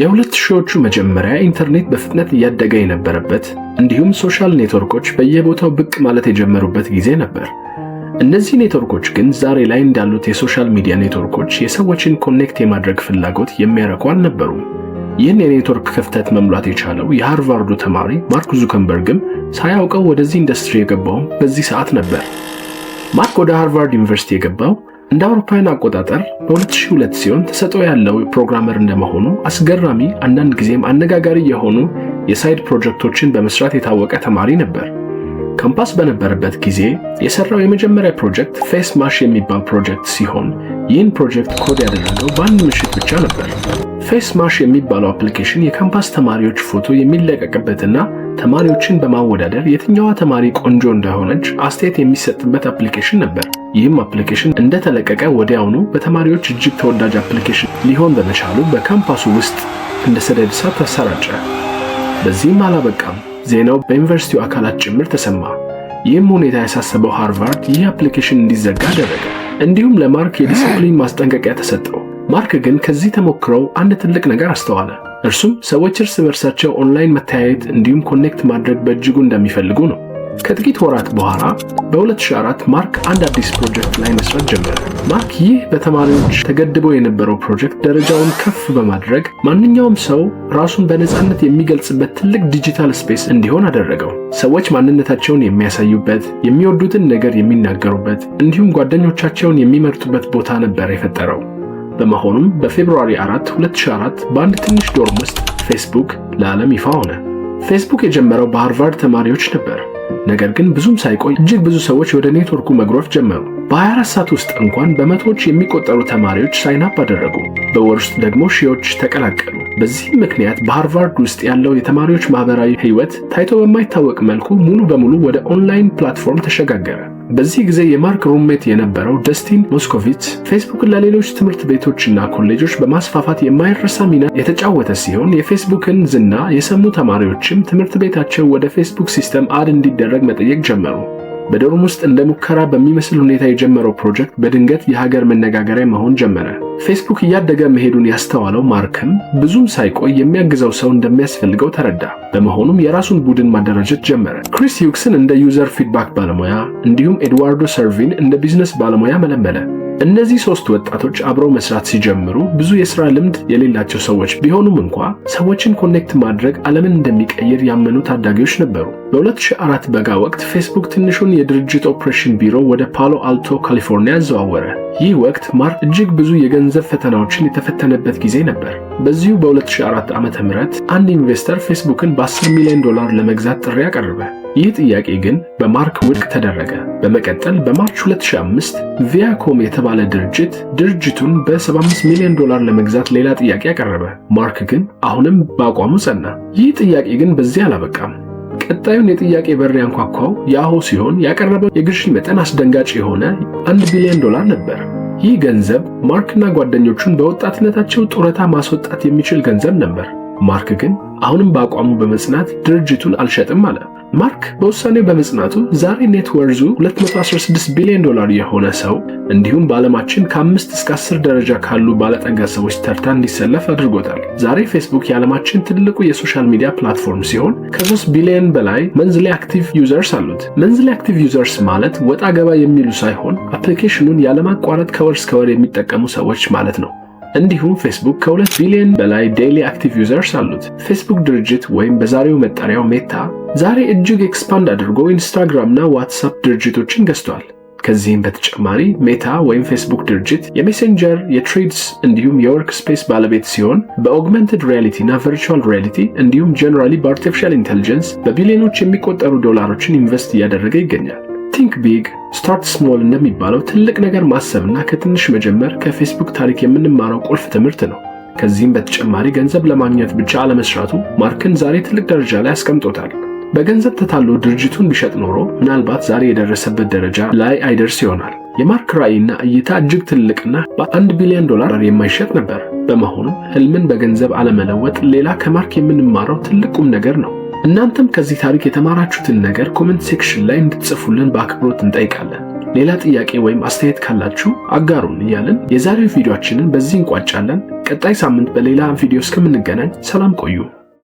የሁለት ሺዎቹ መጀመሪያ ኢንተርኔት በፍጥነት እያደገ የነበረበት እንዲሁም ሶሻል ኔትወርኮች በየቦታው ብቅ ማለት የጀመሩበት ጊዜ ነበር። እነዚህ ኔትወርኮች ግን ዛሬ ላይ እንዳሉት የሶሻል ሚዲያ ኔትወርኮች የሰዎችን ኮኔክት የማድረግ ፍላጎት የሚያረኩ አልነበሩም። ይህን የኔትወርክ ክፍተት መሙላት የቻለው የሃርቫርዱ ተማሪ ማርክ ዙከንበርግም ሳያውቀው ወደዚህ ኢንዱስትሪ የገባው በዚህ ሰዓት ነበር። ማርክ ወደ ሃርቫርድ ዩኒቨርሲቲ የገባው እንደ አውሮፓውያን አቆጣጠር በ2002 ሲሆን ተሰጥኦ ያለው ፕሮግራመር እንደመሆኑ አስገራሚ አንዳንድ ጊዜም አነጋጋሪ የሆኑ የሳይድ ፕሮጀክቶችን በመስራት የታወቀ ተማሪ ነበር። ካምፓስ በነበረበት ጊዜ የሰራው የመጀመሪያ ፕሮጀክት ፌስ ማሽ የሚባል ፕሮጀክት ሲሆን ይህን ፕሮጀክት ኮድ ያደረገው በአንድ ምሽት ብቻ ነበር። ፌስ ማሽ የሚባለው አፕሊኬሽን የካምፓስ ተማሪዎች ፎቶ የሚለቀቅበትና ተማሪዎችን በማወዳደር የትኛዋ ተማሪ ቆንጆ እንደሆነች አስተያየት የሚሰጥበት አፕሊኬሽን ነበር። ይህም አፕሊኬሽን እንደተለቀቀ ወዲያውኑ በተማሪዎች እጅግ ተወዳጅ አፕሊኬሽን ሊሆን በመቻሉ በካምፓሱ ውስጥ እንደ ሰደድ እሳት ተሰራጨ። በዚህም አላበቃም። ዜናው በዩኒቨርሲቲው አካላት ጭምር ተሰማ። ይህም ሁኔታ ያሳሰበው ሃርቫርድ ይህ አፕሊኬሽን እንዲዘጋ አደረገ። እንዲሁም ለማርክ የዲስፕሊን ማስጠንቀቂያ ተሰጠው። ማርክ ግን ከዚህ ተሞክረው አንድ ትልቅ ነገር አስተዋለ። እርሱም ሰዎች እርስ በርሳቸው ኦንላይን መተያየት እንዲሁም ኮኔክት ማድረግ በእጅጉ እንደሚፈልጉ ነው። ከጥቂት ወራት በኋላ በ2004 ማርክ አንድ አዲስ ፕሮጀክት ላይ መስራት ጀመረ። ማርክ ይህ በተማሪዎች ተገድቦ የነበረው ፕሮጀክት ደረጃውን ከፍ በማድረግ ማንኛውም ሰው ራሱን በነፃነት የሚገልጽበት ትልቅ ዲጂታል ስፔስ እንዲሆን አደረገው። ሰዎች ማንነታቸውን የሚያሳዩበት፣ የሚወዱትን ነገር የሚናገሩበት እንዲሁም ጓደኞቻቸውን የሚመርጡበት ቦታ ነበር የፈጠረው። በመሆኑም በፌብሩዋሪ 4 2004 በአንድ ትንሽ ዶርም ውስጥ ፌስቡክ ለዓለም ይፋ ሆነ። ፌስቡክ የጀመረው በሃርቫርድ ተማሪዎች ነበር። ነገር ግን ብዙም ሳይቆይ እጅግ ብዙ ሰዎች ወደ ኔትወርኩ መግሮፍ ጀመሩ። በ24 ሰዓት ውስጥ እንኳን በመቶዎች የሚቆጠሩ ተማሪዎች ሳይናፕ አደረጉ። በወር ውስጥ ደግሞ ሺዎች ተቀላቀሉ። በዚህም ምክንያት በሃርቫርድ ውስጥ ያለው የተማሪዎች ማህበራዊ ህይወት ታይቶ በማይታወቅ መልኩ ሙሉ በሙሉ ወደ ኦንላይን ፕላትፎርም ተሸጋገረ። በዚህ ጊዜ የማርክ ሩምሜት የነበረው ደስቲን ሞስኮቪት ፌስቡክን ለሌሎች ትምህርት ቤቶችና ኮሌጆች በማስፋፋት የማይረሳ ሚና የተጫወተ ሲሆን የፌስቡክን ዝና የሰሙ ተማሪዎችም ትምህርት ቤታቸው ወደ ፌስቡክ ሲስተም አድ እንዲደረግ መጠየቅ ጀመሩ። በዶርም ውስጥ እንደ ሙከራ በሚመስል ሁኔታ የጀመረው ፕሮጀክት በድንገት የሀገር መነጋገሪያ መሆን ጀመረ። ፌስቡክ እያደገ መሄዱን ያስተዋለው ማርክም ብዙም ሳይቆይ የሚያግዘው ሰው እንደሚያስፈልገው ተረዳ። በመሆኑም የራሱን ቡድን ማደራጀት ጀመረ። ክሪስ ዩክስን እንደ ዩዘር ፊድባክ ባለሙያ እንዲሁም ኤድዋርዶ ሰርቪን እንደ ቢዝነስ ባለሙያ መለመለ። እነዚህ ሶስት ወጣቶች አብረው መስራት ሲጀምሩ ብዙ የስራ ልምድ የሌላቸው ሰዎች ቢሆኑም እንኳ ሰዎችን ኮኔክት ማድረግ ዓለምን እንደሚቀይር ያመኑ ታዳጊዎች ነበሩ። በ2004 በጋ ወቅት ፌስቡክ ትንሹን የድርጅት ኦፕሬሽን ቢሮ ወደ ፓሎ አልቶ ካሊፎርኒያ አዘዋወረ። ይህ ወቅት ማርክ እጅግ ብዙ የገንዘብ ፈተናዎችን የተፈተነበት ጊዜ ነበር። በዚሁ በ2004 ም አንድ ኢንቨስተር ፌስቡክን በ10 ሚሊዮን ዶላር ለመግዛት ጥሪ አቀረበ። ይህ ጥያቄ ግን በማርክ ውድቅ ተደረገ። በመቀጠል በማርች 2005 ቪያኮም የተባለ ድርጅት ድርጅቱን በ75 ሚሊዮን ዶላር ለመግዛት ሌላ ጥያቄ አቀረበ። ማርክ ግን አሁንም በአቋሙ ጸና። ይህ ጥያቄ ግን በዚህ አላበቃም። ቀጣዩን የጥያቄ በር ያንኳኳው ያሆ ሲሆን ያቀረበው የግዢ መጠን አስደንጋጭ የሆነ 1 ቢሊዮን ዶላር ነበር። ይህ ገንዘብ ማርክና ጓደኞቹን በወጣትነታቸው ጡረታ ማስወጣት የሚችል ገንዘብ ነበር። ማርክ ግን አሁንም በአቋሙ በመጽናት ድርጅቱን አልሸጥም አለ። ማርክ በውሳኔው በመጽናቱ ዛሬ ኔትወርዙ 216 ቢሊዮን ዶላር የሆነ ሰው እንዲሁም በዓለማችን ከአምስት እስከ 10 ደረጃ ካሉ ባለጠጋ ሰዎች ተርታ እንዲሰለፍ አድርጎታል። ዛሬ ፌስቡክ የዓለማችን ትልቁ የሶሻል ሚዲያ ፕላትፎርም ሲሆን ከ3 ቢሊዮን በላይ መንዝሊ አክቲቭ ዩዘርስ አሉት። መንዝሊ አክቲቭ ዩዘርስ ማለት ወጣ ገባ የሚሉ ሳይሆን አፕሊኬሽኑን ያለማቋረጥ ከወር እስከ ወር የሚጠቀሙ ሰዎች ማለት ነው። እንዲሁም ፌስቡክ ከሁለት ቢሊዮን በላይ ዴይሊ አክቲቭ ዩዘርስ አሉት። ፌስቡክ ድርጅት ወይም በዛሬው መጠሪያው ሜታ ዛሬ እጅግ ኤክስፓንድ አድርጎ ኢንስታግራም እና ዋትሳፕ ድርጅቶችን ገዝተዋል። ከዚህም በተጨማሪ ሜታ ወይም ፌስቡክ ድርጅት የሜሴንጀር የትሬድስ እንዲሁም የወርክ ስፔስ ባለቤት ሲሆን በኦግመንትድ ሪያሊቲ እና ቨርቹዋል ሪያሊቲ እንዲሁም ጀነራሊ በአርቲፊሻል ኢንቴልጀንስ በቢሊዮኖች የሚቆጠሩ ዶላሮችን ኢንቨስት እያደረገ ይገኛል። ቲንክ ቢግ ስታርት ስሞል እንደሚባለው ትልቅ ነገር ማሰብና ከትንሽ መጀመር ከፌስቡክ ታሪክ የምንማረው ቁልፍ ትምህርት ነው። ከዚህም በተጨማሪ ገንዘብ ለማግኘት ብቻ አለመስራቱ ማርክን ዛሬ ትልቅ ደረጃ ላይ አስቀምጦታል። በገንዘብ ተታሎ ድርጅቱን ቢሸጥ ኖሮ ምናልባት ዛሬ የደረሰበት ደረጃ ላይ አይደርስ ይሆናል። የማርክ ራዕይና እይታ እጅግ ትልቅና በአንድ ቢሊዮን ዶላር የማይሸጥ ነበር። በመሆኑም ህልምን በገንዘብ አለመለወጥ ሌላ ከማርክ የምንማረው ትልቅ ቁም ነገር ነው። እናንተም ከዚህ ታሪክ የተማራችሁትን ነገር ኮመንት ሴክሽን ላይ እንድትጽፉልን በአክብሮት እንጠይቃለን። ሌላ ጥያቄ ወይም አስተያየት ካላችሁ አጋሩን እያለን የዛሬው ቪዲዮአችንን በዚህ እንቋጫለን። ቀጣይ ሳምንት በሌላ ቪዲዮ እስከምንገናኝ ሰላም ቆዩ።